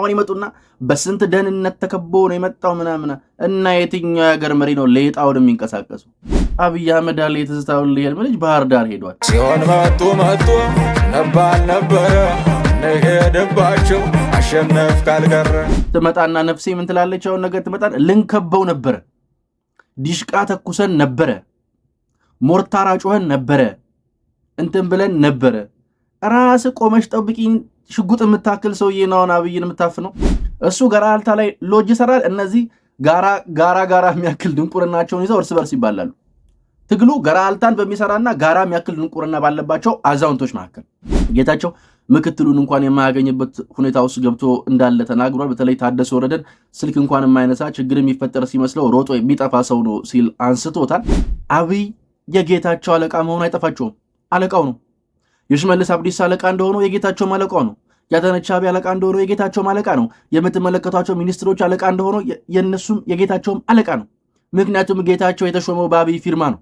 አሁን ይመጡና በስንት ደህንነት ተከቦ ነው የመጣው ምናምን እና የትኛው የሀገር መሪ ነው ሌጣውን የሚንቀሳቀሱ? አብይ አህመድ አለ የትዝታውን ሊሄድ ልጅ ባህር ዳር ሄዷል ሲሆን መጡ መጡ ነባል ነበረ ንሄድባቸው አሸነፍ ካልቀረ ትመጣና ነፍሴ ምን ትላለች? አሁን ነገር ትመጣ ልንከበው ነበረ፣ ዲሽቃ ተኩሰን ነበረ፣ ሞርታራ ጮኸን ነበረ፣ እንትን ብለን ነበረ። ራስ ቆመሽ ጠብቂኝ ሽጉጥ የምታክል ሰውዬ ነው አሁን አብይን የምታፍነው። እሱ ገራልታ ላይ ሎጅ ይሰራል። እነዚህ ጋራ ጋራ ጋራ የሚያክል ድንቁርናቸውን ይዘው እርስ በርስ ይባላሉ። ትግሉ አልታን በሚሰራና ጋራ የሚያክል ድንቁርና ባለባቸው አዛውንቶች መካከል ጌታቸው ምክትሉን እንኳን የማያገኝበት ሁኔታ ውስጥ ገብቶ እንዳለ ተናግሯል። በተለይ ታደሰ ወረደን ስልክ እንኳን የማይነሳ ችግር የሚፈጠር ሲመስለው ሮጦ የሚጠፋ ሰው ነው ሲል አንስቶታል። አብይ የጌታቸው አለቃ መሆኑ አይጠፋቸውም። አለቃው ነው። የሽመልስ አብዲሳ አለቃ እንደሆኑ የጌታቸው አለቃ ነው። የአዳነች አቤቤ አለቃ እንደሆኑ የጌታቸውም አለቃ ነው። የምትመለከቷቸው ሚኒስትሮች አለቃ እንደሆኑ የእነሱም የጌታቸውም አለቃ ነው። ምክንያቱም ጌታቸው የተሾመው በአብይ ፊርማ ነው።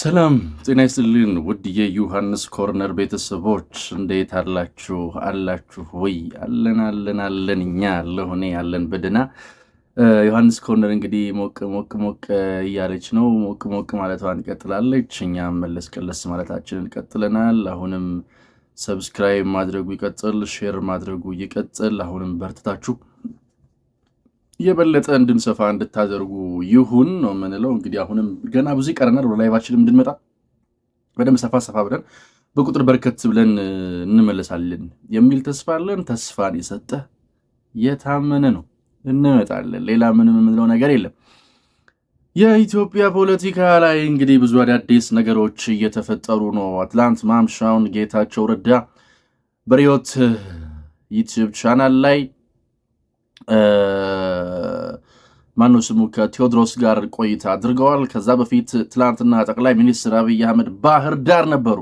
ሰላም ጤና ይስጥልን ውድ የዮሐንስ ኮርነር ቤተሰቦች እንዴት አላችሁ? አላችሁ ወይ? አለን አለን አለን እኛ አለሆኔ አለን በደህና ዮሐንስ ኮርነር እንግዲህ ሞቅ ሞቅ ሞቅ እያለች ነው። ሞቅ ሞቅ ማለቷን እንቀጥላለች እኛም መለስ ቀለስ ማለታችንን ቀጥለናል። አሁንም ሰብስክራይብ ማድረጉ ይቀጥል፣ ሼር ማድረጉ ይቀጥል። አሁንም በርትታችሁ የበለጠ እንድንሰፋ እንድታደርጉ ይሁን ነው የምንለው። እንግዲህ አሁንም ገና ብዙ ይቀረናል። ወደ ላይቫችን እንድንመጣ በደንብ ሰፋ ሰፋ ብለን በቁጥር በርከት ብለን እንመለሳለን የሚል ተስፋ አለን። ተስፋን የሰጠ የታመነ ነው። እንመጣለን። ሌላ ምንም የምንለው ነገር የለም። የኢትዮጵያ ፖለቲካ ላይ እንግዲህ ብዙ አዳዲስ ነገሮች እየተፈጠሩ ነው። አትላንት ማምሻውን ጌታቸው ረዳ በሪዮት ዩቲዩብ ቻናል ላይ ማኑ ስሙ ከቴዎድሮስ ጋር ቆይታ አድርገዋል። ከዛ በፊት ትላንትና ጠቅላይ ሚኒስትር አብይ አህመድ ባህር ዳር ነበሩ።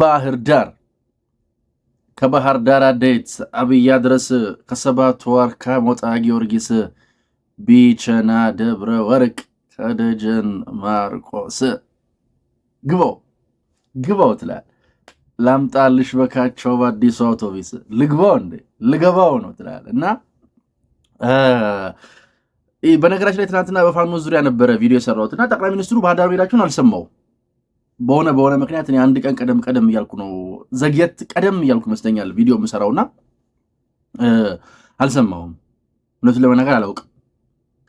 ባህር ዳር ከባህር ዳር አዴት አብያ ድረስ ከሰባት ወር ሞጣ ጊዮርጊስ ቢቸና ደብረ ወርቅ ከደጀን ማርቆስ ግባው ግባው ትላል። ላምጣልሽ በካቸው በአዲሱ አውቶቢስ ልግባው እንዴ ልገባው ነው ትላል እና በነገራችን ላይ ትናንትና በፋኖ ዙሪያ ነበረ ቪዲዮ የሰራሁት እና ጠቅላይ ሚኒስትሩ ባህር ዳር መሄዳቸውን አልሰማው በሆነ በሆነ ምክንያት እኔ አንድ ቀን ቀደም ቀደም እያልኩ ነው ዘግየት ቀደም እያልኩ ይመስለኛል ቪዲዮ የምሰራውና አልሰማሁም። እውነቱን ለመናገር አላውቅም።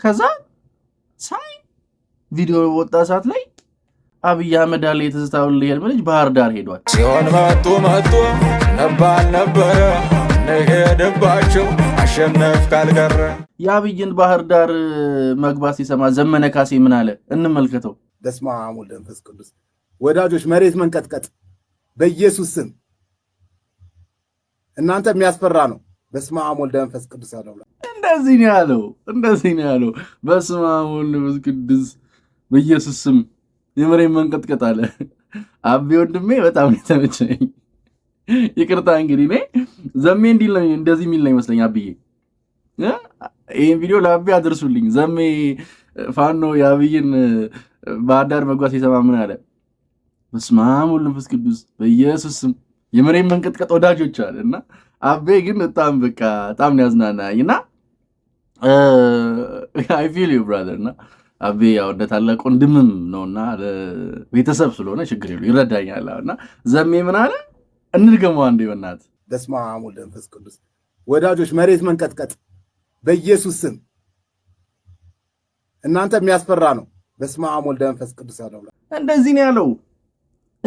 ከዛ ሳይ ቪዲዮ ወጣ ሰዓት ላይ አብይ አህመድ አለ የተዝታውን ባህር ዳር ሄዷል ሲሆን መጡ መጡ ነባል ነበረ ነገደባቸው አሸነፍ ካልቀረ የአብይን ባህር ዳር መግባት ሲሰማ ዘመነ ካሴ ምን አለ እንመልከተው። በስመ አብ ወወልድ ወመንፈስ ቅዱስ ወዳጆች መሬት መንቀጥቀጥ በኢየሱስ ስም እናንተ የሚያስፈራ ነው። በስመ አብ ወልደ መንፈስ ቅዱስ አለው። እንደዚህ ነው ያለው፣ እንደዚህ ነው ያለው። በስመ አብ ወልደ መንፈስ ቅዱስ በኢየሱስ ስም የመሬት መንቀጥቀጥ አለ። አቤ ወንድሜ በጣም የተመቸኝ። ይቅርታ እንግዲህ እኔ ዘሜ እንዲል ነው እንደዚህ የሚል ነው ይመስለኝ። አብዬ ይህን ቪዲዮ ለአቤ አድርሱልኝ። ዘሜ ፋኖ የአብይን ባህር ዳር መጓዝ ሲሰማ ምን አለ? በስመ አብ ወወልድ ወመንፈስ ቅዱስ በኢየሱስ ስም የመሬት መንቀጥቀጥ ወዳጆች አለ እና አቤ ግን በጣም በቃ በጣም ነው ያዝናናኝ እና አይ ፊል ዩ ብራዘር እና አቤ ያው እንደ ታላቅ ወንድምም እና ቤተሰብ ስለሆነ ችግር የለውም ይረዳኛል እና ዘሜ ምን አለ እንድገመው አንዴ በእናትህ በስመ አብ ወወልድ ወመንፈስ ቅዱስ ወዳጆች መሬት መንቀጥቀጥ በኢየሱስ ስም እናንተ የሚያስፈራ ነው በስመ አብ ወወልድ ወመንፈስ ቅዱስ ያለው እንደዚህ ነው ያለው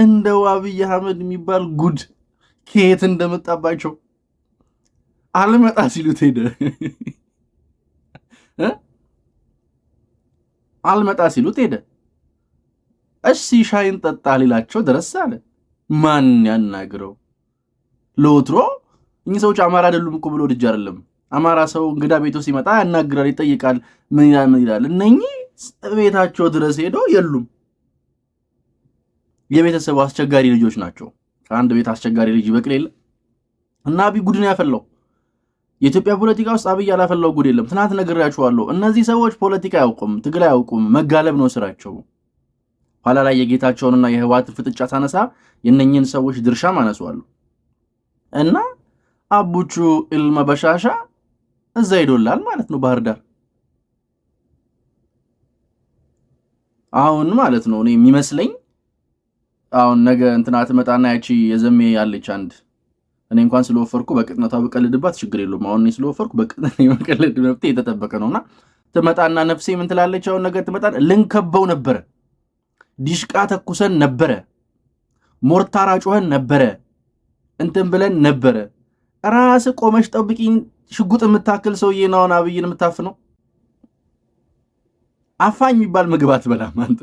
እንደው አብይ አህመድ የሚባል ጉድ ከየት እንደመጣባቸው አልመጣ ሲሉት ሄደ። አልመጣ ሲሉት ሄደ። እሺ ሻይን ጠጣ ሊላቸው ድረስ አለ። ማን ያናግረው? ለወትሮ እኚህ ሰዎች አማራ አይደሉም እኮ ብሎ ልጅ አይደለም አማራ ሰው እንግዳ ቤቶ ሲመጣ ያናግራል፣ ይጠይቃል፣ ምን ይላል። እነኚህ ቤታቸው ድረስ ሄዶ የሉም የቤተሰቡ አስቸጋሪ ልጆች ናቸው። ከአንድ ቤት አስቸጋሪ ልጅ ይበቅል የለ እና አብይ ጉድን ያፈላው የኢትዮጵያ ፖለቲካ ውስጥ አብይ ያላፈላው ጉድ የለም። ትናንት ነግሬያችኋለሁ። እነዚህ ሰዎች ፖለቲካ አያውቁም፣ ትግል አያውቁም፣ መጋለብ ነው ስራቸው። ኋላ ላይ የጌታቸውንና የህወሓትን ፍጥጫ ሳነሳ የነኝን ሰዎች ድርሻም አነሳዋለሁ እና አቡቹ እልመበሻሻ እዛ ይዶላል ማለት ነው ባህር ዳር አሁን ማለት ነው እኔ የሚመስለኝ አሁን ነገ እንትና ትመጣና ያቺ የዘሜ ያለች አንድ እኔ እንኳን ስለወፈርኩ በቅጥነቷ በቀልድባት ችግር የለውም። አሁን ስለወፈርኩ በቅጥነት የመቀለድ መብት የተጠበቀ ነውና ትመጣና ነፍሴ ምን ትላለች? አሁን ነገ ትመጣና ልንከበው ነበረ፣ ዲሽቃ ተኩሰን ነበረ፣ ሞርታራ ጮኸን ነበረ፣ እንትን ብለን ነበረ። ራስ ቆመሽ ጠብቂኝ ሽጉጥ የምታክል ሰውዬ ነው አሁን አብይን የምታፍነው። አፋኝ የሚባል ምግብ አትበላም አንተ።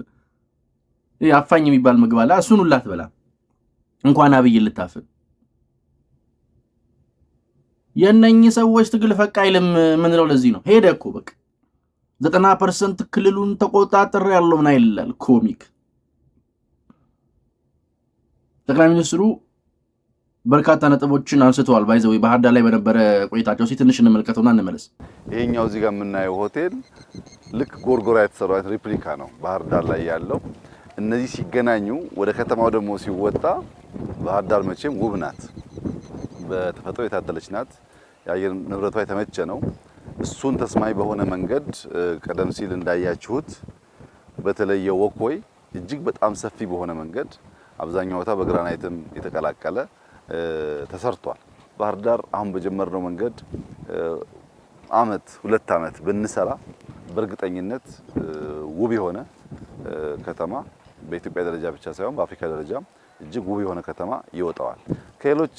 አፋኝ የሚባል ምግብ አለ። እሱን ሁላ አትበላ እንኳን አብይ ልታፍን። የእነኚህ ሰዎች ትግል ፈቃ አይልም ምንለው ለዚህ ነው። ሄደ እኮ በቃ ዘጠና ፐርሰንት ክልሉን ተቆጣጠር ያለው ምን አይላል ኮሚክ ጠቅላይ ሚኒስትሩ በርካታ ነጥቦችን አንስተዋል። ባይዘው ባህር ዳር ላይ በነበረ ቆይታቸው ሲ ትንሽ እንመልከተውና እንመለስ። ይሄኛው እዚህ ጋር የምናየው ሆቴል ልክ ጎርጎራ የተሰራ ሬፕሊካ ነው ባህር ዳር ላይ ያለው እነዚህ ሲገናኙ ወደ ከተማው ደግሞ ሲወጣ ባህር ዳር መቼም ውብ ናት፣ በተፈጥሮ የታደለች ናት። የአየር ንብረቷ የተመቸ ነው። እሱን ተስማሚ በሆነ መንገድ ቀደም ሲል እንዳያችሁት በተለየ ወኮይ እጅግ በጣም ሰፊ በሆነ መንገድ አብዛኛው ቦታ በግራናይትም የተቀላቀለ ተሰርቷል። ባህር ዳር አሁን በጀመርነው መንገድ አመት ሁለት አመት ብንሰራ በእርግጠኝነት ውብ የሆነ ከተማ በኢትዮጵያ ደረጃ ብቻ ሳይሆን በአፍሪካ ደረጃ እጅግ ውብ የሆነ ከተማ ይወጣዋል። ከሌሎች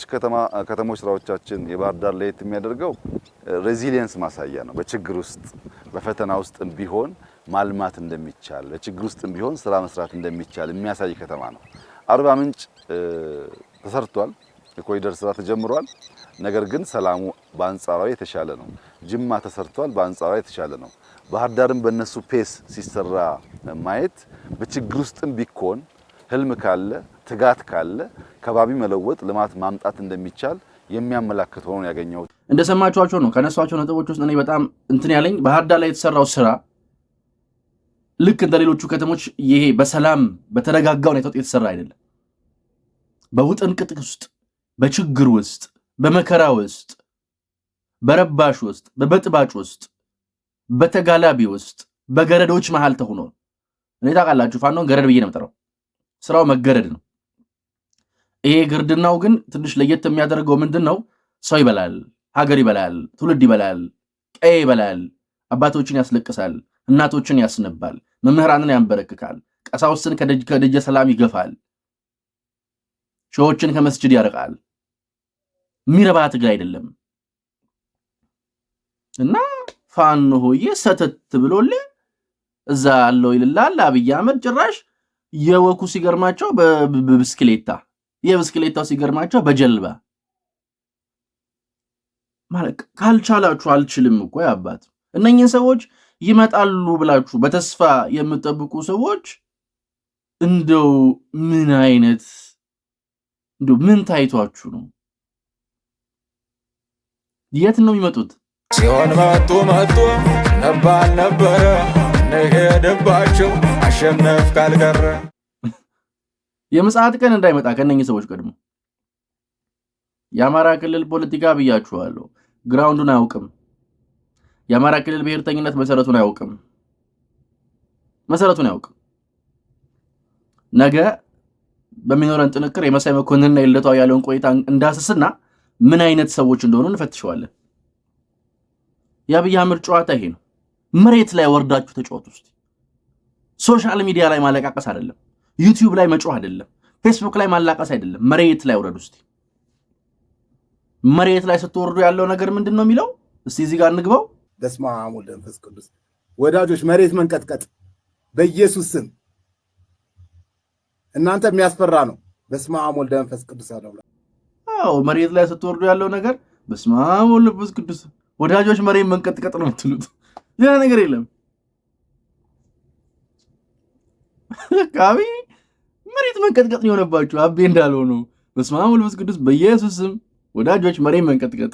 ከተሞች ስራዎቻችን የባህር ዳር ለየት የሚያደርገው ሬዚሊየንስ ማሳያ ነው። በችግር ውስጥ በፈተና ውስጥ ቢሆን ማልማት እንደሚቻል፣ በችግር ውስጥ ቢሆን ስራ መስራት እንደሚቻል የሚያሳይ ከተማ ነው። አርባ ምንጭ ተሰርቷል፣ የኮሪደር ስራ ተጀምሯል። ነገር ግን ሰላሙ በአንጻራዊ የተሻለ ነው። ጅማ ተሰርቷል፣ በአንጻራዊ የተሻለ ነው። ባህር ዳርም በእነሱ ፔስ ሲሰራ ማየት በችግር ውስጥም ቢኮን ህልም ካለ ትጋት ካለ ከባቢ መለወጥ ልማት ማምጣት እንደሚቻል የሚያመላክት ሆኖ ያገኘሁት። እንደሰማችኋቸው ነው። ከነሷቸው ነጥቦች ውስጥ እኔ በጣም እንትን ያለኝ ባህር ዳር ላይ የተሰራው ስራ ልክ እንደ ሌሎቹ ከተሞች ይሄ በሰላም በተረጋጋ ሁኔታ የተሰራ አይደለም። በውጥንቅጥ ውስጥ፣ በችግር ውስጥ፣ በመከራ ውስጥ፣ በረባሽ ውስጥ፣ በበጥባጭ ውስጥ በተጋላቢ ውስጥ በገረዶች መሃል ተሆኖ እኔ ታውቃላችሁ፣ ፋኖን ገረድ ብዬ ነው የምጠራው። ስራው መገረድ ነው። ይሄ ግርድናው ግን ትንሽ ለየት የሚያደርገው ምንድን ነው? ሰው ይበላል፣ ሀገር ይበላል፣ ትውልድ ይበላል፣ ቀይ ይበላል፣ አባቶችን ያስለቅሳል፣ እናቶችን ያስነባል፣ መምህራንን ያንበረክካል፣ ቀሳውስትን ከደጀ ሰላም ይገፋል፣ ሺዎችን ከመስጅድ ያርቃል። የሚረባ ትግል አይደለም እና ፋኖ ሆዬ ሰተት ብሎልህ እዛ ያለው ይልላል። አብይ አህመድ ጭራሽ የወኩ ሲገርማቸው በብስክሌታ የብስክሌታው ሲገርማቸው በጀልባ ማለት ካልቻላችሁ አልችልም እኮ አባት። እነኝህን ሰዎች ይመጣሉ ብላችሁ በተስፋ የምጠብቁ ሰዎች እንደው ምን አይነት እንደው ምን ታይቷችሁ ነው? የት ነው የሚመጡት? ሲሆን መጡ መጡ ነባል ነበረ ንሄድባቸው አሸነፍ ካልቀረ የምጽአት ቀን እንዳይመጣ ከነኝ ሰዎች ቀድሞ የአማራ ክልል ፖለቲካ ብያችኋለሁ። ግራውንዱን አያውቅም። የአማራ ክልል ብሔርተኝነት መሰረቱን አያውቅም። መሰረቱን አያውቅም። ነገ በሚኖረን ጥንቅር የመሳይ መኮንንና የልደቷ ያለውን ቆይታ እንዳስስና ምን አይነት ሰዎች እንደሆኑ እንፈትሸዋለን። የአብይ አህመድ ጨዋታ ይሄ ነው። መሬት ላይ ወርዳችሁ ተጫወቱ ውስጥ ሶሻል ሚዲያ ላይ ማለቃቀስ አይደለም፣ ዩቲዩብ ላይ መጮህ አይደለም፣ ፌስቡክ ላይ ማላቀስ አይደለም። መሬት ላይ ወረዱ። ውስጥ መሬት ላይ ስትወርዱ ያለው ነገር ምንድን ነው የሚለው እስቲ እዚህ ጋር እንግባው። በስመ አብ ወወልድ ወመንፈስ ቅዱስ። ወዳጆች መሬት መንቀጥቀጥ በኢየሱስ ስም እናንተ የሚያስፈራ ነው። በስመ አብ ወወልድ ወመንፈስ ቅዱስ አለው። አዎ መሬት ላይ ስትወርዱ ያለው ነገር በስመ አብ ወወልድ ወመንፈስ ቅዱስ ወዳጆች መሬት መንቀጥቀጥ ነው የምትሉት። ሌላ ነገር የለም። ካቢ መሬት መንቀጥቀጥ ነው የሆነባችሁ። አቤ እንዳልሆኑ በስመ አብ ወመንፈስ ቅዱስ በኢየሱስ ስም ወዳጆች መሬት መንቀጥቀጥ።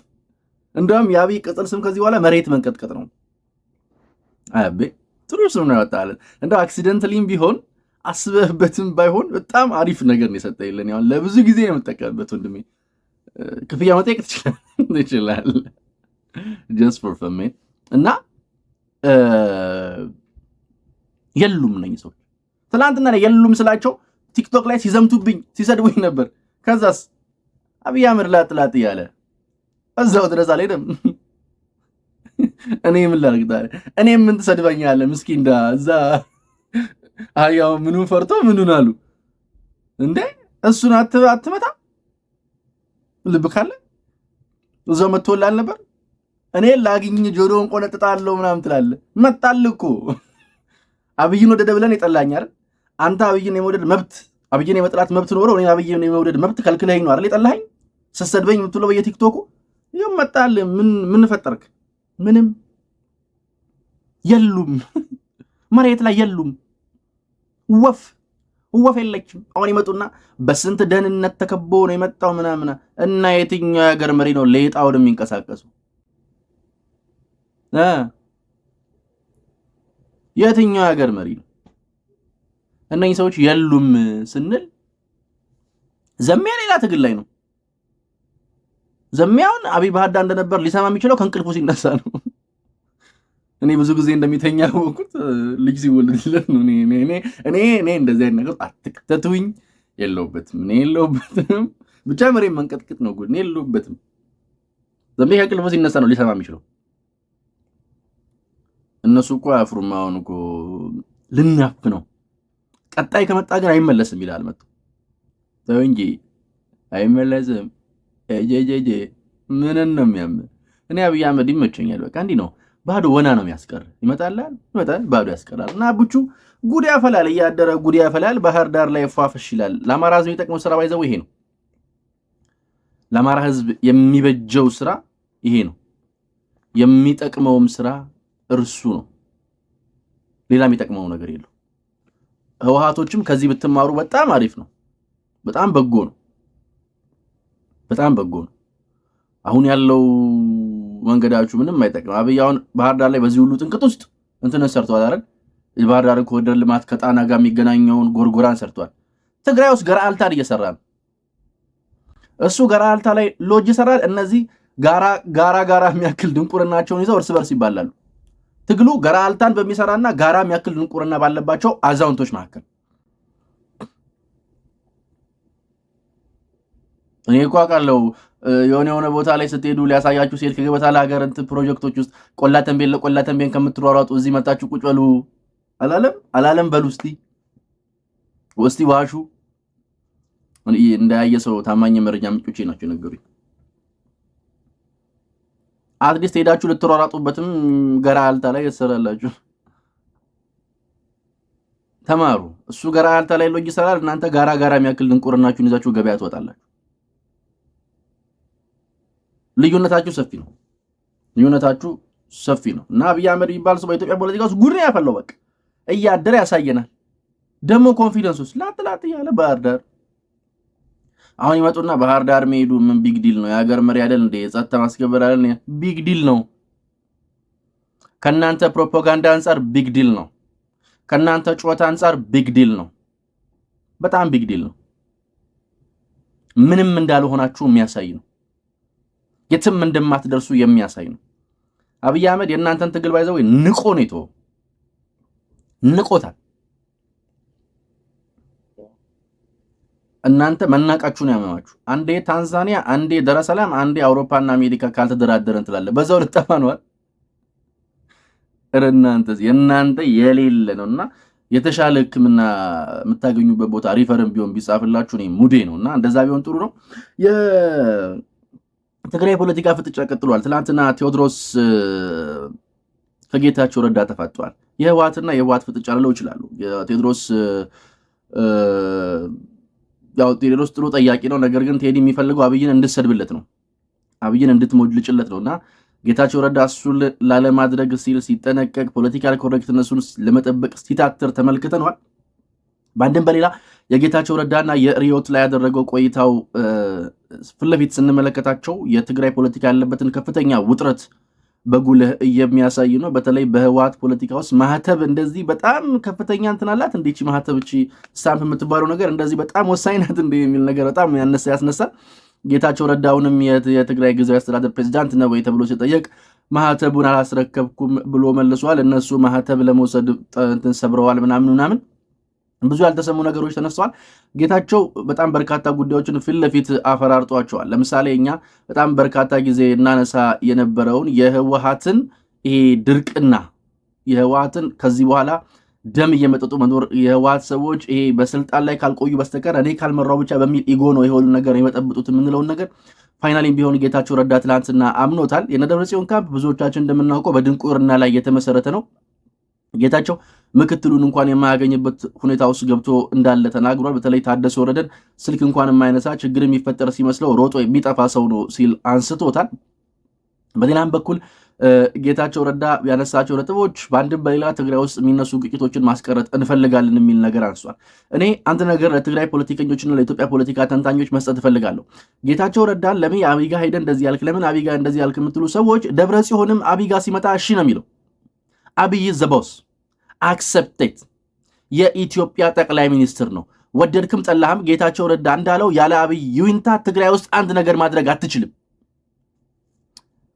እንደውም የአብይ ቅጽል ስም ከዚህ በኋላ መሬት መንቀጥቀጥ ነው። አቤ ጥሩ ስም ነው ያወጣለን። እንደው አክሲደንትሊም ቢሆን አስበህበትም ባይሆን በጣም አሪፍ ነገር ነው የሰጠ። የለን ለብዙ ጊዜ የምጠቀምበት ወንድሜ። ክፍያ መጠየቅ ትችላለህ። ጀስት ፎር ፈን እና የሉም እነኝህ ሰዎች ትናንትና የሉም ስላቸው ቲክቶክ ላይ ሲዘምቱብኝ ሲሰድቡኝ ነበር። ከዛስ አብይ አህመድ ላጥ እያለ እዛው ድረስ አልሄደም። እኔ ምን ላድርግ ታዲያ? እኔ ምን ትሰድበኛለህ? ምስኪን ዳ እዛ አያው ምኑን ፈርቶ ምኑን አሉ እንዴ? እሱን አትመጣም ልብ ካለ እዛው መጥቶልሃል ነበር። እኔ ላግኝ ጆሮን ቆነጥጣለሁ ምናምን ትላለ። መጣል እኮ አብይን ወደደ ብለን የጠላኝ አይደል? አንተ አብይን የመውደድ መብት አብይን የመጥላት መብት ኖረው እኔን አብይን የመውደድ መብት ከልክለኝ ነው አይደል የጠላኸኝ። ስትሰድበኝ የምትውለው በየቲክቶኩ ይኸው መጣል። ምን ምን ፈጠርክ? ምንም የሉም፣ መሬት ላይ የሉም። ወፍ ወፍ የለችም። አሁን ይመጡና በስንት ደህንነት ተከቦ ነው የመጣው ምናምና እና የትኛው የሀገር መሪ ነው ሌጣ ወደሚንቀሳቀሱ የትኛው የሀገር መሪ ነው? እነኝህ ሰዎች የሉም ስንል ዘሚያ ሌላ ትግል ላይ ነው። ዘሚያውን አብይ ባህዳ እንደነበር ሊሰማ የሚችለው ከእንቅልፉ ሲነሳ ነው። እኔ ብዙ ጊዜ እንደሚተኛ ያወቅሁት ልጅ ሲወለድለት ነው። እኔ እንደዚህ አይነት ነገር አትክተቱኝ፣ የለውበትም፣ እኔ የለውበትም። ብቻ መሬ መንቀጥቅጥ ነው ጉድ። እኔ የለውበትም። ዘሚያ ከእንቅልፉ ሲነሳ ነው ሊሰማ የሚችለው። እነሱ እኮ አያፍሩም። አሁን እኮ ልናፍ ነው። ቀጣይ ከመጣ ግን አይመለስም ይላል። መጥቶ ተው እንጂ አይመለስም። ጄጄጄ ምንን ነው የሚያም እኔ አብይ አህመድ ይመቸኛል። በቃ እንዲህ ነው። ባዶ ወና ነው የሚያስቀር። ይመጣላል፣ ይመጣል፣ ባዶ ያስቀራል። እና ቡቹ ጉድ ያፈላል፣ እያደረ ጉድ ያፈላል። ባህር ዳር ላይ ፏፍሽ ይላል። ለአማራ ህዝብ የሚጠቅመው ስራ ባይዘው ይሄ ነው። ለአማራ ህዝብ የሚበጀው ስራ ይሄ ነው። የሚጠቅመውም ስራ እርሱ ነው። ሌላ የሚጠቅመው ነገር የለው። ህወሓቶችም ከዚህ ብትማሩ በጣም አሪፍ ነው። በጣም በጎ ነው። በጣም በጎ ነው። አሁን ያለው መንገዳችሁ ምንም አይጠቅም። አብይ አሁን ባህር ዳር ላይ በዚህ ሁሉ ጥንቅት ውስጥ እንትንን ሰርተዋል አይደል? የባህር ዳር ኮሪደር ልማት ከጣና ጋር የሚገናኘውን ጎርጎራን ሰርቷል። ትግራይ ውስጥ ገራልታን እየሰራ ነው። እሱ ገራልታ ላይ ሎጅ ይሰራል። እነዚህ ጋራ ጋራ ጋራ የሚያክል ድንቁርናቸውን ይዘው እርስ በርስ ይባላሉ። ትግሉ ገራልታን በሚሰራና ጋራ የሚያክል ድንቁርና ባለባቸው አዛውንቶች መካከል እኔ እኮ አውቃለሁ። የሆነ የሆነ ቦታ ላይ ስትሄዱ ሊያሳያችሁ ሲል ከገበታ ለሀገር እንትን ፕሮጀክቶች ውስጥ ቆላ ተንቤን ለቆላ ተንቤን ከምትሯሯጡ እዚህ መጣችሁ ቁጭ በሉ አላለም አላለም። በሉ እስቲ ወስቲ ዋሹ። እንዳያየ ሰው ታማኝ መረጃ ምንጮቼ ናቸው ነገሩኝ። አትሊስት ሄዳችሁ ልትሯሯጡበትም አልታ ላይ ትሰራላችሁ። ተማሩ። እሱ ገራ አልታ ላይ ሎጅ ይሰራል። እናንተ ጋራ ጋራ የሚያክል ድንቁርናችሁን ይዛችሁ ገበያ ትወጣላችሁ። ልዩነታችሁ ሰፊ ነው። ልዩነታችሁ ሰፊ ነው እና አብይ አህመድ የሚባል ሰው በኢትዮጵያ ፖለቲካ ውስጥ ጉድን ያፈለው በቃ እያደረ ያሳየናል። ደግሞ ኮንፊደንስ ውስጥ ላጥ ላጥ እያለ ባህር ዳር አሁን ይመጡና ባህር ዳር መሄዱ ምን ቢግ ዲል ነው? የሀገር መሪ አይደል እንዴ? የጸጥታ ማስከበር አይደል? ቢግ ዲል ነው። ከእናንተ ፕሮፓጋንዳ አንጻር ቢግ ዲል ነው። ከእናንተ ጮታ አንጻር ቢግ ዲል ነው። በጣም ቢግ ዲል ነው። ምንም እንዳልሆናችሁ የሚያሳይ ነው። የትም እንደማትደርሱ የሚያሳይ ነው። አብይ አህመድ የእናንተን ትግል ባይዘው ንቆ ነው የተወው። ንቆታል። እናንተ መናቃችሁን ያመማችሁ። አንዴ ታንዛኒያ፣ አንዴ ደረሰላም፣ አንዴ አውሮፓና አሜሪካ ካልተደራደረን ትላለ። በዛው ልጠፋ ነዋል። እናንተ የእናንተ የሌለ ነው እና የተሻለ ሕክምና የምታገኙበት ቦታ ሪፈርም ቢሆን ቢጻፍላችሁ እኔ ሙዴ ነው እና እንደዛ ቢሆን ጥሩ ነው። የትግራይ ፖለቲካ ፍጥጫ ቀጥሏል። ትናንትና ቴዎድሮስ ከጌታቸው ረዳ ተፋጠዋል። የህወሓትና የህወሓት ፍጥጫ ልለው ይችላሉ። ቴዎድሮስ ያው ቴዎድሮስ ጥሩ ጠያቂ ነው። ነገር ግን ቴዲ የሚፈልገው አብይን እንድትሰድብለት ነው፣ አብይን እንድትሞልጭለት ነው እና ጌታቸው ረዳ እሱን ላለማድረግ ሲል ሲጠነቀቅ ፖለቲካል ኮረክትነሱን ለመጠበቅ ሲታትር ተመልክተነዋል። በአንድም በሌላ የጌታቸው ረዳና የሪዮት ላይ ያደረገው ቆይታው ፊት ለፊት ስንመለከታቸው የትግራይ ፖለቲካ ያለበትን ከፍተኛ ውጥረት በጉልህ የሚያሳይ ነው። በተለይ በህወሓት ፖለቲካ ውስጥ ማህተብ እንደዚህ በጣም ከፍተኛ እንትን አላት። እንዲች ማህተብ እቺ ስታምፕ የምትባለው ነገር እንደዚህ በጣም ወሳኝ ናት እንደ የሚል ነገር በጣም ያነሳ ያስነሳል። ጌታቸው ረዳውንም የትግራይ ጊዜያዊ አስተዳደር ፕሬዚዳንት ነው ወይ ተብሎ ሲጠየቅ ማህተቡን አላስረከብኩም ብሎ መልሷል። እነሱ ማህተብ ለመውሰድ እንትን ሰብረዋል ምናምን ምናምን ብዙ ያልተሰሙ ነገሮች ተነስተዋል። ጌታቸው በጣም በርካታ ጉዳዮችን ፊት ለፊት አፈራርጧቸዋል። ለምሳሌ እኛ በጣም በርካታ ጊዜ እናነሳ የነበረውን የህወሀትን ይሄ ድርቅና የህወሀትን ከዚህ በኋላ ደም እየመጠጡ መኖር የህወሀት ሰዎች ይሄ በስልጣን ላይ ካልቆዩ በስተቀር እኔ ካልመራው ብቻ በሚል ኢጎ ነው የሆኑ ነገር የመጠብጡት የምንለውን ነገር ፋይናሊም ቢሆን ጌታቸው ረዳ ትላንትና አምኖታል። የነደብረ ጽዮን ካምፕ ብዙዎቻችን እንደምናውቀው በድንቁርና ላይ የተመሰረተ ነው ጌታቸው ምክትሉን እንኳን የማያገኝበት ሁኔታ ውስጥ ገብቶ እንዳለ ተናግሯል። በተለይ ታደሰ ወረደን ስልክ እንኳን የማይነሳ ችግር የሚፈጠር ሲመስለው ሮጦ የሚጠፋ ሰው ነው ሲል አንስቶታል። በሌላም በኩል ጌታቸው ረዳ ያነሳቸው ነጥቦች በአንድም በሌላ ትግራይ ውስጥ የሚነሱ ግጭቶችን ማስቀረት እንፈልጋለን የሚል ነገር አንስቷል። እኔ አንድ ነገር ለትግራይ ፖለቲከኞችና ለኢትዮጵያ ፖለቲካ ተንታኞች መስጠት እፈልጋለሁ። ጌታቸው ረዳን ለምን አቢጋ ሄደ እንደዚህ ያልክ፣ ለምን አቢጋ እንደዚህ ያልክ የምትሉ ሰዎች ደብረ ጽዮንም አቢጋ ሲመጣ እሺ ነው የሚለው አብይ ዘቦስ አክሰፕትድ የኢትዮጵያ ጠቅላይ ሚኒስትር ነው። ወደድክም ጠላህም ጌታቸው ረዳ እንዳለው ያለ አብይ ይሁንታ ትግራይ ውስጥ አንድ ነገር ማድረግ አትችልም።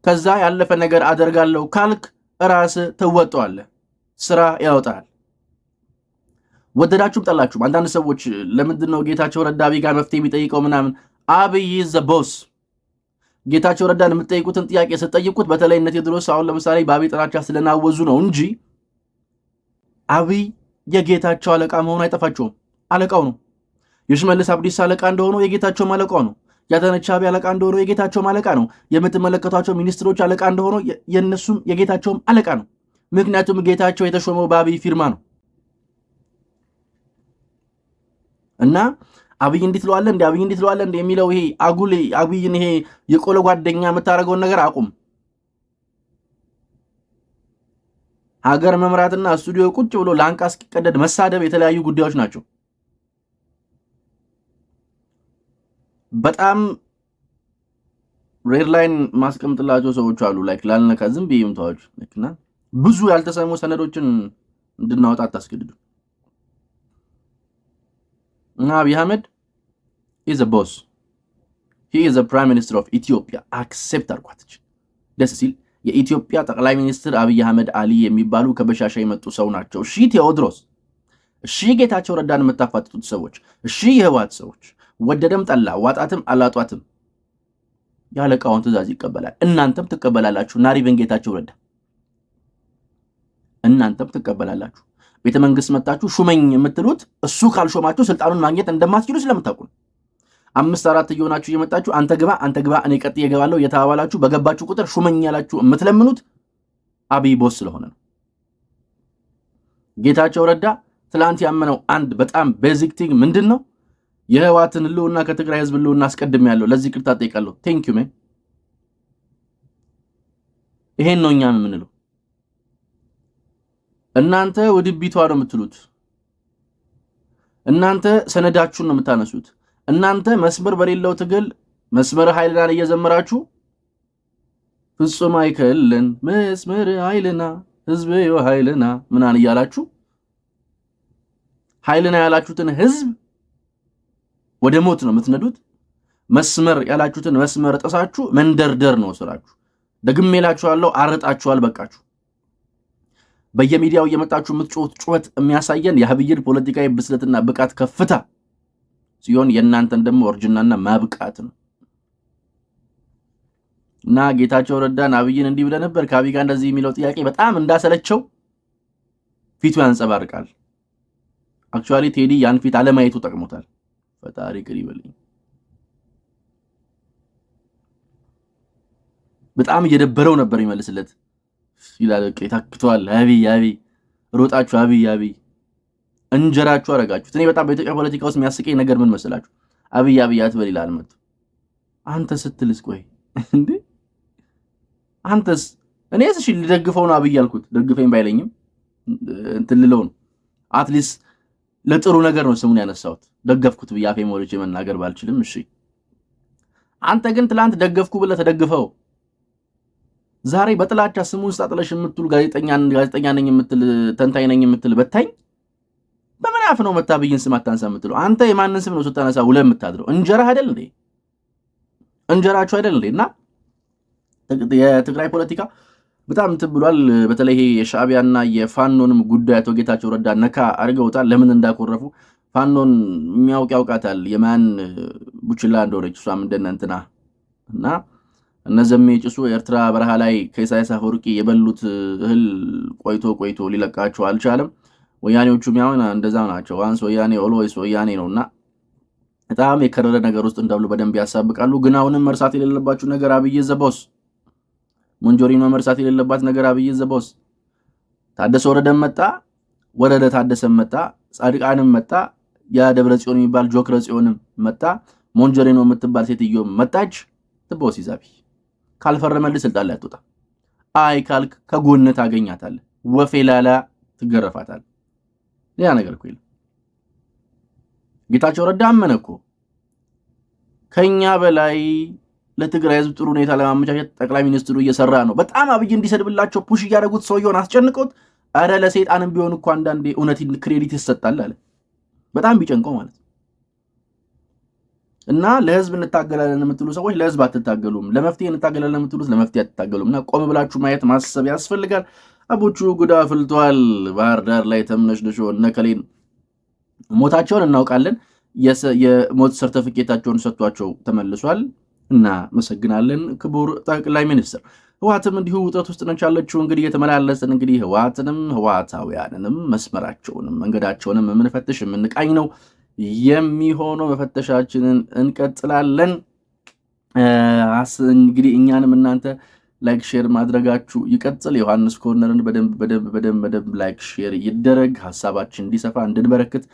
ከዛ ያለፈ ነገር አደርጋለሁ ካልክ ራስ ትወጠዋለህ። ስራ ያወጣል። ወደዳችሁም ጠላችሁም። አንዳንድ ሰዎች ለምንድን ነው ጌታቸው ረዳ አብይ ጋር መፍትሄ የሚጠይቀው ምናምን፣ አብይ ዘ ቦስ። ጌታቸው ረዳን የምትጠይቁትን ጥያቄ ስትጠይቁት በተለይ የድሮስ አሁን ለምሳሌ በአብይ ጥላቻ ስለናወዙ ነው እንጂ አብይ የጌታቸው አለቃ መሆኑ አይጠፋቸውም። አለቃው ነው። የሽመልስ አብዲሳ አለቃ እንደሆኑ የጌታቸውም አለቃው ነው። የአዳነች አቤቤ አለቃ እንደሆኑ የጌታቸውም አለቃ ነው። የምትመለከቷቸው ሚኒስትሮች አለቃ እንደሆኑ የእነሱም የጌታቸውም አለቃ ነው። ምክንያቱም ጌታቸው የተሾመው በአብይ ፊርማ ነው እና አብይ እንዲህ ትለዋለህ እንደ አብይ እንዲህ ትለዋለህ እንደ የሚለው ይሄ አጉል አብይን ይሄ የቆለ ጓደኛ የምታደርገውን ነገር አቁም። ሀገር መምራትና ስቱዲዮ ቁጭ ብሎ ላንቃ እስኪቀደድ መሳደብ የተለያዩ ጉዳዮች ናቸው። በጣም ሬድ ላይን ማስቀምጥላቸው ሰዎች አሉ። ላይክ ላልነካ ዝም ብዬ ምታዎች እና ብዙ ያልተሰሙ ሰነዶችን እንድናወጣ አታስገድዱ። እና አብይ አህመድ ኢዝ ቦስ ሂ ኢዝ ፕራይም ሚኒስትር ኦፍ ኢትዮጵያ አክሴፕት አድርጓትች ደስ ሲል የኢትዮጵያ ጠቅላይ ሚኒስትር አብይ አህመድ አሊ የሚባሉ ከበሻሻ የመጡ ሰው ናቸው። እሺ ቴዎድሮስ፣ እሺ ጌታቸው ረዳን የምታፋጥጡት ሰዎች፣ እሺ የህወሓት ሰዎች፣ ወደደም ጠላ፣ ዋጣትም አላጧትም ያለቃውን ትእዛዝ ይቀበላል። እናንተም ትቀበላላችሁ። ናሪቨን ጌታቸው ረዳ እናንተም ትቀበላላችሁ። ቤተመንግስት መታችሁ ሹመኝ የምትሉት እሱ ካልሾማችሁ ስልጣኑን ማግኘት እንደማትችሉ ስለምታውቁ ነው። አምስት አራት እየሆናችሁ እየመጣችሁ አንተ ግባ አንተ ግባ እኔ ቀጥ እየገባለሁ የተባባላችሁ በገባችሁ ቁጥር ሹመኝ ያላችሁ የምትለምኑት አብይ ቦስ ስለሆነ ነው። ጌታቸው ረዳ ትላንት ያመነው አንድ በጣም ቤዚክ ቲንግ ምንድን ነው? የህዋትን ህልውና ከትግራይ ህዝብ ህልውና አስቀድሜ ያለው ለዚህ ቅርታ ጠይቃለሁ። ቴንክ ዩ ሜን። ይሄን ነው እኛም የምንለው። እናንተ ውድቢቷ ነው የምትሉት። እናንተ ሰነዳችሁን ነው የምታነሱት። እናንተ መስመር በሌለው ትግል መስመር ኃይልናን እየዘመራችሁ ፍጹም አይክልን መስመር ኃይልና ህዝብ ኃይልና ምናን እያላችሁ ኃይልና ያላችሁትን ህዝብ ወደ ሞት ነው የምትነዱት። መስመር ያላችሁትን መስመር ጥሳችሁ መንደርደር ነው ስራችሁ። ደግሜ እላችኋለሁ፣ አርጣችኋል፣ በቃችሁ። በየሚዲያው እየመጣችሁ የምትጮት ጩኸት የሚያሳየን የአብይን ፖለቲካዊ ብስለትና ብቃት ከፍታ ሲሆን የእናንተን ደግሞ እርጅናና ማብቃት ነው። እና ጌታቸው ረዳን አብይን እንዲህ ብለህ ነበር ከአብይ ጋር እንደዚህ የሚለው ጥያቄ በጣም እንዳሰለቸው ፊቱ ያንጸባርቃል። አክቹዋሊ ቴዲ ያን ፊት አለማየቱ ጠቅሞታል። ፈጣሪ ቅሪ በጣም እየደበረው ነበር ይመልስለት ይላል። ይታክተዋል። አብይ አብይ ሮጣችሁ አብይ አብይ እንጀራችሁ አረጋችሁት። እኔ በጣም በኢትዮጵያ ፖለቲካ ውስጥ የሚያስቀኝ ነገር ምን መሰላችሁ? አብይ አብይ አትበል ይላል መቶ አንተ ስትልስ፣ ቆይ እንዴ አንተስ? እኔስ እሺ ልደግፈው ነው አብይ አልኩት ደግፈኝ ባይለኝም እንትን ልለው ነው። አትሊስት ለጥሩ ነገር ነው ስሙን ያነሳሁት። ደገፍኩት ብዬ አፌ ሞልቼ መናገር ባልችልም፣ እሺ አንተ ግን ትላንት ደገፍኩ ብለህ ተደግፈው ዛሬ በጥላቻ ስሙን ስታጥለሽ የምትል ጋዜጠኛ ነኝ የምትል ተንታኝ ነኝ የምትል በታኝ በምን አፍ ነው መታ ብይን ስም አታንሳ የምትለው? አንተ የማንን ስም ነው ስታነሳ ውለ የምታድረው? እንጀራ አይደል እንዴ? እንጀራችሁ አይደል እንዴ? እና የትግራይ ፖለቲካ በጣም ትብሏል። በተለይ ይሄ የሻዕቢያና የፋኖንም ጉዳይ አቶ ጌታቸው ረዳ ነካ አድርገውታል። ለምን እንዳኮረፉ ፋኖን የሚያውቅ ያውቃታል፣ የማን ቡችላ እንደሆነች እሷም እንደነ እንትና እና እነዘሜ ጭሱ ኤርትራ በረሃ ላይ ከኢሳያስ አፈወርቂ የበሉት እህል ቆይቶ ቆይቶ ሊለቃቸው አልቻለም። ወያኔዎቹ ያሁን እንደዛ ናቸው። ዋንስ ወያኔ ኦልዌይስ ወያኔ ነው እና በጣም የከረረ ነገር ውስጥ እንዳሉ በደንብ ያሳብቃሉ። ግን አሁንም መርሳት የሌለባችሁ ነገር አብይ ዘቦስ ሞንጆሪኖ መርሳት የሌለባት ነገር አብይ ዘቦስ ታደሰ ወረደም መጣ ወረደ ታደሰም መጣ ጻድቃንም መጣ ያ ደብረ ጽዮን የሚባል ጆክረ ጽዮንም መጣ ሞንጆሪኖ የምትባል ሴትዮ መጣች። ትቦስ ይዛቢ ካልፈረመልህ ስልጣን ላይ አትወጣም። አይ ካልክ ከጎን ታገኛታለህ። ወፌላላ ትገረፋታለህ። ሌላ ነገር እኮ ጌታቸው ረዳ አመነ እኮ ከኛ በላይ ለትግራይ ህዝብ ጥሩ ሁኔታ ለማመቻቸት ጠቅላይ ሚኒስትሩ እየሰራ ነው። በጣም አብይ እንዲሰድብላቸው ፑሽ እያደረጉት ሰውየውን አስጨንቆት፣ እረ ለሰይጣንም ቢሆን እኮ አንዳንዴ እውነት ክሬዲት ይሰጣል አለ። በጣም ቢጨንቀው ማለት ነው። እና ለህዝብ እንታገላለን የምትሉ ሰዎች ለህዝብ አትታገሉም፣ ለመፍትሄ እንታገላለን የምትሉት ለመፍትሄ አትታገሉም። እና ቆም ብላችሁ ማየት ማሰብ ያስፈልጋል። አቦቹ ጉዳ ፍልቷል ባህር ዳር ላይ ተምነሽንሾ እነከሌን ሞታቸውን እናውቃለን። የሞት ሰርተፊኬታቸውን ሰጥቷቸው ተመልሷል። እናመሰግናለን ክቡር ጠቅላይ ሚኒስትር። ህወሓትም እንዲሁ ውጥረት ውስጥ ነች ያለችው። እንግዲህ የተመላለስን እንግዲህ ህወሓትንም ህወሓታውያንንም መስመራቸውንም መንገዳቸውንም የምንፈትሽ የምንቃኝ ነው የሚሆነው። መፈተሻችንን እንቀጥላለን። እንግዲህ እኛንም እናንተ ላይክ ሼር ማድረጋችሁ ይቀጥል። ዮሐንስ ኮርነርን በደንብ በደንብ በደንብ በደንብ ላይክ ሼር ይደረግ፣ ሀሳባችን እንዲሰፋ እንድንበረክት።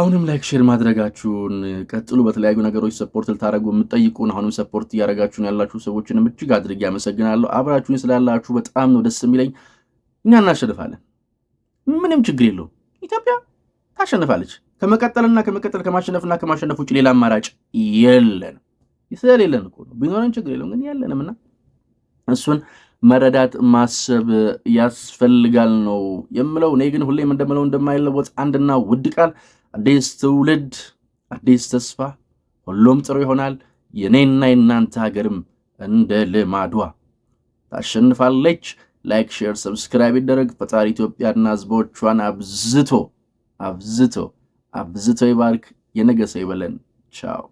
አሁንም ላይክ ሼር ማድረጋችሁን ቀጥሉ። በተለያዩ ነገሮች ሰፖርት ልታደረጉ የምጠይቁን አሁንም ሰፖርት እያደረጋችሁን ያላችሁ ሰዎችንም እጅግ አድርጌ አመሰግናለሁ። አብራችሁን ስላላችሁ በጣም ነው ደስ የሚለኝ። እኛ እናሸንፋለን፣ ምንም ችግር የለውም። ኢትዮጵያ ታሸንፋለች። ከመቀጠልና ከመቀጠል ከማሸነፍና ከማሸነፍ ውጭ ሌላ አማራጭ የለን ስለሌለን እኮ ነው። ቢኖረን ችግር የለውም ግን የለንም እሱን መረዳት ማሰብ ያስፈልጋል ነው የምለው። እኔ ግን ሁሌም እንደምለው እንደማይለወጥ አንድና ውድ ቃል አዲስ ትውልድ፣ አዲስ ተስፋ፣ ሁሉም ጥሩ ይሆናል። የኔና የናንተ ሀገርም እንደ ልማዷ ታሸንፋለች። ላይክ፣ ሼር፣ ሰብስክራይብ ይደረግ። ፈጣሪ ኢትዮጵያና ህዝቦቿን አብዝቶ አብዝቶ አብዝቶ ይባርክ። የነገ ሰው ይበለን። ቻው